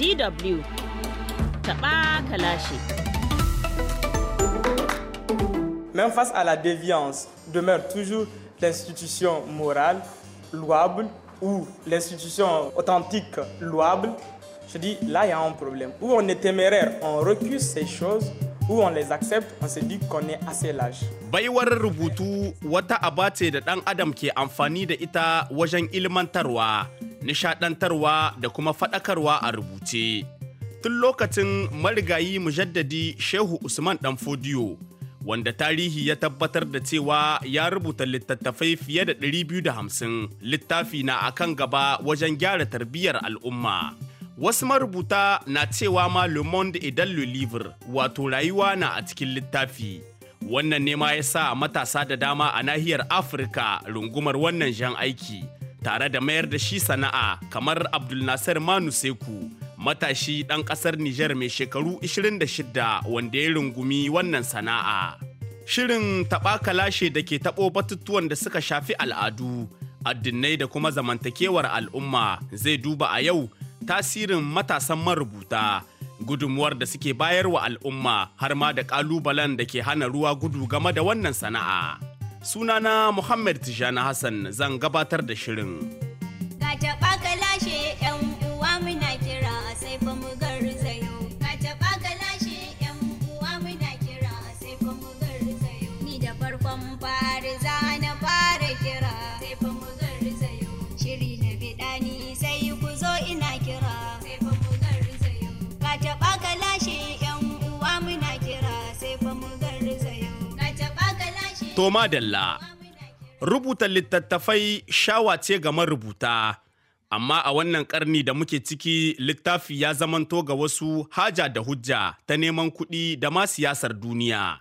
DW Même face à la déviance, demeure toujours l'institution morale louable ou l'institution authentique louable. Je dis, là, il y a un problème. Ou on est téméraire, on recuse ces choses où on les accepte, on se dit qu'on est assez lâche. ita nishadantarwa da kuma fadakarwa a rubuce. Tun lokacin marigayi mujaddadi Shehu Usman Danfodiyo, wanda tarihi ya tabbatar da cewa ya rubuta littattafai fiye da 250 littafi na akan gaba wajen gyara tarbiyyar al'umma. Wasu marubuta na cewa ma Le Monde idan Le Livre wato rayuwa na a cikin littafi. Wannan ne ma ya sa matasa da dama a nahiyar Afirka rungumar wannan jan aiki. tare da mayar da shi sana'a kamar Abdulnasir Manu Seku matashi ɗan ƙasar Nijar mai shekaru 26 wanda ya rungumi wannan sana'a. Shirin taɓa kalashe da ke taɓo batutuwan da suka shafi al'adu, addinai da kuma zamantakewar al'umma zai duba a yau tasirin matasan marubuta, gudunmuwar da suke bayar wa al'umma har ma da ƙalubalen da ke hana ruwa gudu game da wannan sana'a. Sunana Muhammad Tijjani Hassan zan gabatar da shirin. To madalla, rubuta littattafai shawa ce ga marubuta, amma a wannan karni da muke ciki littafi ya zamanto ga wasu haja da hujja ta neman kuɗi da ma siyasar duniya.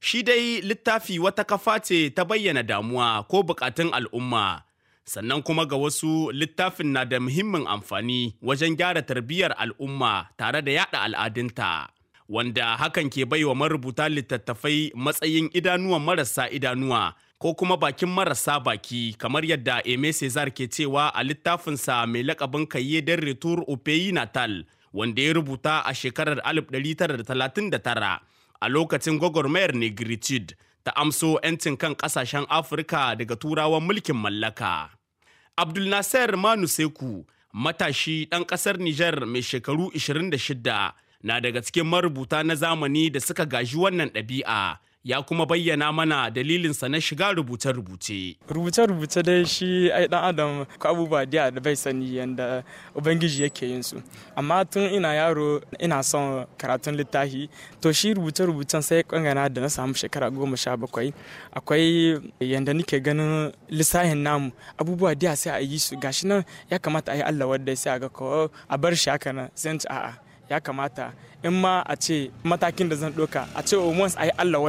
Shi dai littafi wata kafa ce ta bayyana damuwa ko bukatun al'umma, sannan kuma ga wasu littafin na da muhimmin amfani wajen gyara tarbiyyar al'umma tare da yada al'adunta. wanda hakan ke baiwa marubuta littattafai matsayin idanuwan marasa idanuwa ko kuma bakin marasa baki kamar yadda Aimé Cesar ke cewa a littafinsa mai lakabin kaye don retour au pays natal wanda ya rubuta a shekarar 1939 a lokacin gwagwarmayar negritude ta amso 'yancin kan kasashen afirka daga turawan mulkin mallaka abdul nasser manu matashi ɗan ƙasar niger mai shekaru 26 na daga cikin marubuta na zamani da suka gaji wannan ɗabi'a ya kuma bayyana mana dalilinsa na shiga rubuce-rubuce. Rubuce-rubuce dai shi ai dan adam ko abubuwa da da bai sani yanda ubangiji yake yin su. Amma tun ina yaro ina son karatun littafi to shi rubuce-rubucen sai kangana da na samu shekara goma sha bakwai akwai yanda nike ganin lissahin namu abubuwa da sai a yi su gashi nan ya kamata a yi Allah wadda sai a ga ko a bar shi haka nan sai a'a ya kamata in ma a ce matakin da zan doka a ce once a yi allah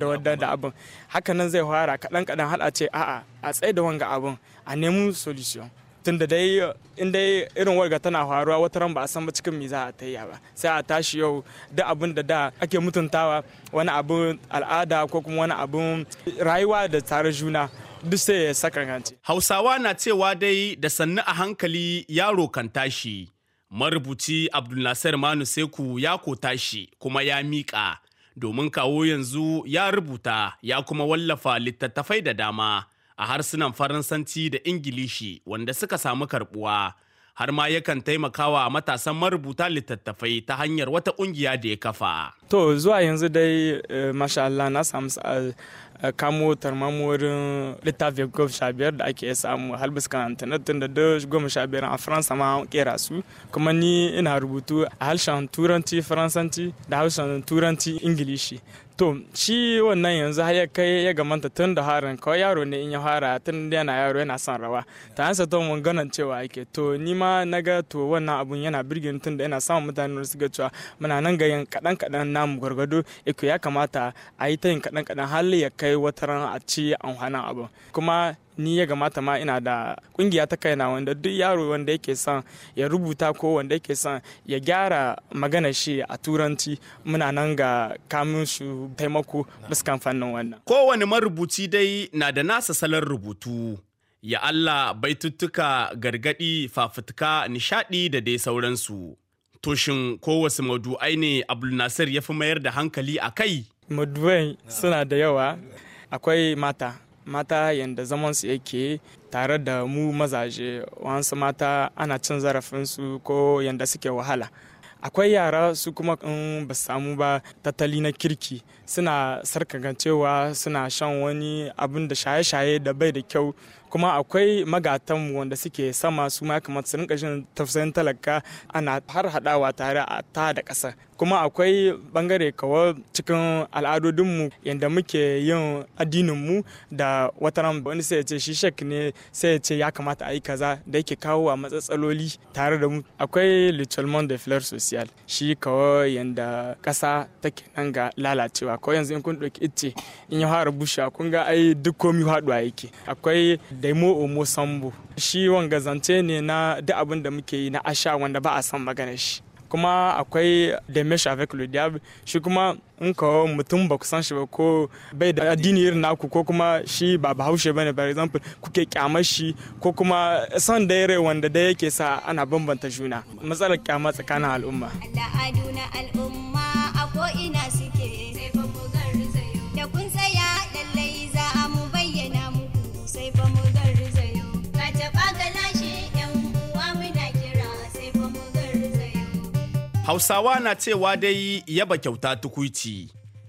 da wadda da abin hakanan zai fara kaɗan kaɗan har a ce a'a a tsaye da wanga abin a nemi solution tun da dai in dai irin warga tana faruwa wata ran ba a san ba cikin me za a ta ba sai a tashi yau duk abin da da ake mutuntawa wani abin al'ada ko kuma wani abin rayuwa da tare juna duk sai ya saka Hausawa na cewa dai da sannu a hankali yaro kan tashi. marubuci abdulnasir manu seku ya kota shi kuma ya miƙa domin kawo yanzu ya rubuta ya kuma wallafa littattafai da dama a harsunan faransanci da ingilishi wanda suka samu karbuwa har ma yakan taimakawa a matasan marubuta littattafai ta hanyar wata ƙungiya da ya kafa. To zuwa yanzu dai eh, masha Allah na samu eh, kamo tarmamorin littafin goma sha da ake samu halbiskan internet tun da goma sha a faransa ma kera su kuma ni ina rubutu a harshen turanci faransanci da harshen turanci ingilishi to shi wannan yanzu har ya kai ya gamanta tun da harin kawai yaro ne in ya hara tun da yana yaro yana son rawa ta hansa to mun ganan cewa ake to ni ma na ga to wannan abun yana birgin tun da yana samun mutane da suka cewa muna nan ga yin kadan na namu gwargwado iko ya kamata a yi ta yin kadan kadan hali ya kai wata a ci amfanin abun kuma ni ya gamata ma ina da kungiya ta kaina wanda duk yaro wanda yake son ya rubuta ko wanda yake son ya gyara magana shi a turanci muna nan ga kamun su taimako fuskan fannin wannan kowane marubuci dai na da nasa salon rubutu ya Allah baituttuka gargadi fafutuka nishadi da dai sauransu to toshin kowace maudu'ai ne abdulnasir ya fi mayar da hankali a kai suna da yawa akwai mata mata yadda su yake tare da mu mazaje wasu mata ana cin zarafinsu ko yadda suke wahala akwai yara su kuma in ba samu ba tattali na kirki suna sarkagancewa suna shan wani abin da shaye-shaye da bai da kyau kuma akwai magatanmu wanda suke sama su ma kamar su rinka jin talaka ana har hadawa tare a ta da ƙasa kuma akwai bangare kawai cikin al'adodinmu yadda muke yin addininmu da wataran wani sai ya ce shi shek ne sai ya ce ya kamata a yi kaza da yake kawo a matsatsaloli tare da mu akwai l'echelon de fleur social shi kawai yadda ƙasa take nan ga lalacewa kawai yanzu in kun ɗauki ice in yi hara bushewa kun ga ai duk komi haɗuwa yake akwai daimo omo sambo shi wanga zance ne na duk abin da muke yi na asha wanda ba a san magana shi kuma akwai da mesh avec le diable shi kuma in ka mutum ba ku san shi ba ko bai da addini irin naku ko kuma shi ba bahaushe ba ne for example kuke kyamar shi ko kuma son da yare wanda da yake sa ana bambanta juna matsalar kyama tsakanin al'umma al'adu na al'umma a ko ina suke Hausawa na cewa dai yaba kyauta tukuici.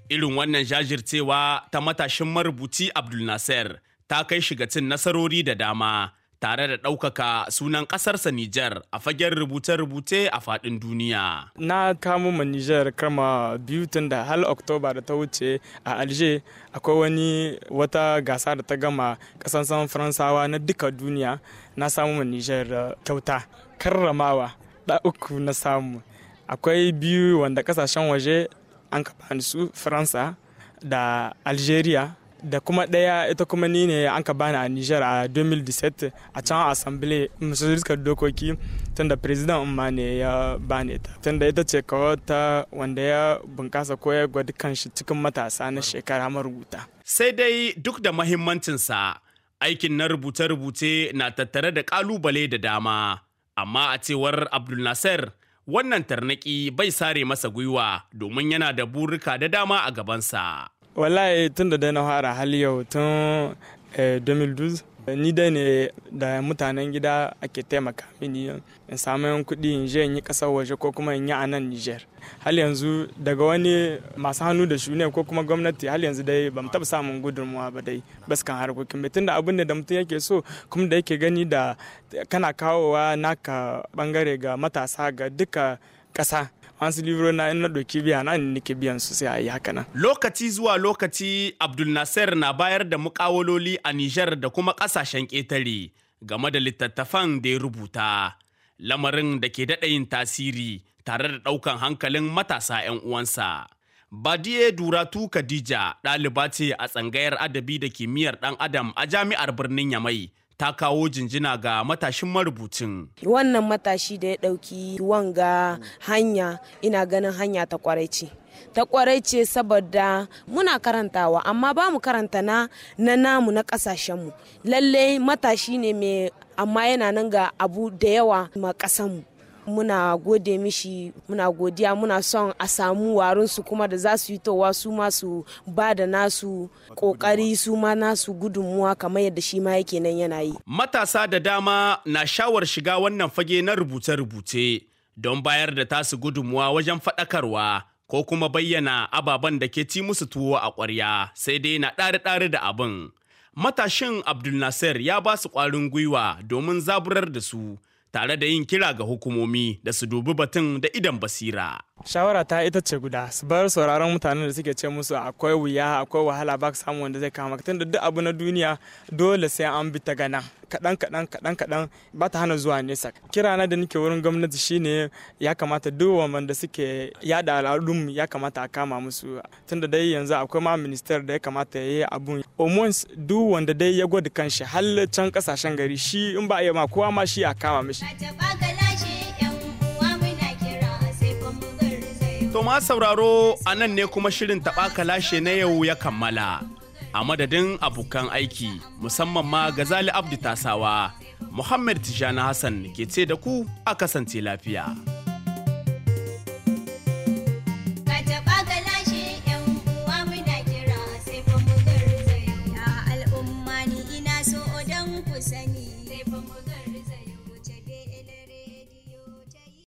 Irin wannan jajircewa ta matashin marubuci Abdul Nasser ta kai shiga cin nasarori da dama tare da ɗaukaka sunan ƙasarsa Nijar a fagen rubuce-rubuce a faɗin duniya. Na kamo ma Nijar kama biyu tun da hal Oktoba da ta wuce a alje akwai wani wata gasa da ta gama ƙasansan Faransawa na duka duniya na samu ma Nijar eh, kyauta karramawa da uku na samu. akwai biyu wanda kasashen waje an kafa su faransa da algeria da kuma ɗaya ita kuma ni ne an ka bani a Niger a 2017 a can assembly majalisar dokoki tunda president umma ne ya bani ita tunda ita ce kawo wanda ya bunkasa ko ya gwada kanshi cikin matasa na shekara marubuta. Sai dai duk da mahimmancinsa aikin na rubuce-rubuce na tattare da kalubale da dama amma a cewar Abdul Nasser wannan tarnaki bai sare masa gwiwa domin yana da burika da dama a gabansa. Wallahi tun da na fara hali yau tun eh, 2012 ni dai ne da mutanen gida ake taimaka mini in samu yan kuɗi in je in yi ƙasar waje ko kuma in yi a nan niger hal yanzu daga wani masu hannu da shune ko kuma gwamnati hal yanzu dai ban taɓa samun gudunmuwa ba dai baskan harkokin mai tunda abin da mutum yake so kuma da yake gani da kana kawowa naka bangare ga matasa ga duka ƙasa wasu libro na ina doki biya na ni nake biyan su sai a yi haka nan. Lokaci zuwa lokaci Abdul Nasir na bayar da mukawaloli a Nijar da kuma ƙasashen ƙetare game da littattafan da ya rubuta. Lamarin da ke daɗa yin tasiri tare da ɗaukan hankalin matasa 'yan uwansa. Badiye Duratu Khadija ɗaliba ce a tsangayar adabi da kimiyyar ɗan Adam a jami'ar birnin Yamai ta kawo jinjina ga matashin marubucin. Wannan matashi da ya ɗauki wanga hanya ina ganin hanya ta kwarai ce. Ta kwarai ce saboda muna karantawa amma ba mu karanta na na namu na kasashenmu Lalle matashi ne mai amma yana nan ga abu da yawa ma kasanmu. muna gode mishi muna godiya muna son a samu warin su kuma da za su yi towa su masu ba da nasu kokari su ma nasu gudunmuwa kamar yadda shi ma yake nan yana yi matasa da dama na shawar shiga wannan fage na rubuce-rubuce don bayar da tasu gudunmuwa wajen faɗakarwa ko kuma bayyana ababen da ke ci musu tuwo a ƙwarya sai dai na ɗari-ɗari da abin matashin Abdulnasir ya ba su ƙwarin gwiwa domin zaburar da su tare da yin kira ga hukumomi da su dubi batun da idan basira. Shawara ta ita ce guda su bar sauraron mutanen da suke ce musu akwai wuya akwai wahala ba samu wanda zai kama tun da duk abu na duniya dole sai an bi ta gana kaɗan kaɗan kaɗan kaɗan ba ta hana zuwa nesa kirana da nake wurin gwamnati shine ya kamata duk wanda suke yada al'adun ya kamata a kama musu tunda dai yanzu akwai ma minister da ya kamata ya yi abun omons duk wanda dai ya gwada kanshi hal kasashen gari shi in ba a yi ma kowa ma shi a kama mishi To ma sauraro a nan ne kuma shirin taɓa kalashe na yau ya kammala. a madadin abokan aiki musamman ma gazali abdu tasawa muhammad tijjani hassan ke ce da ku a kasance lafiya.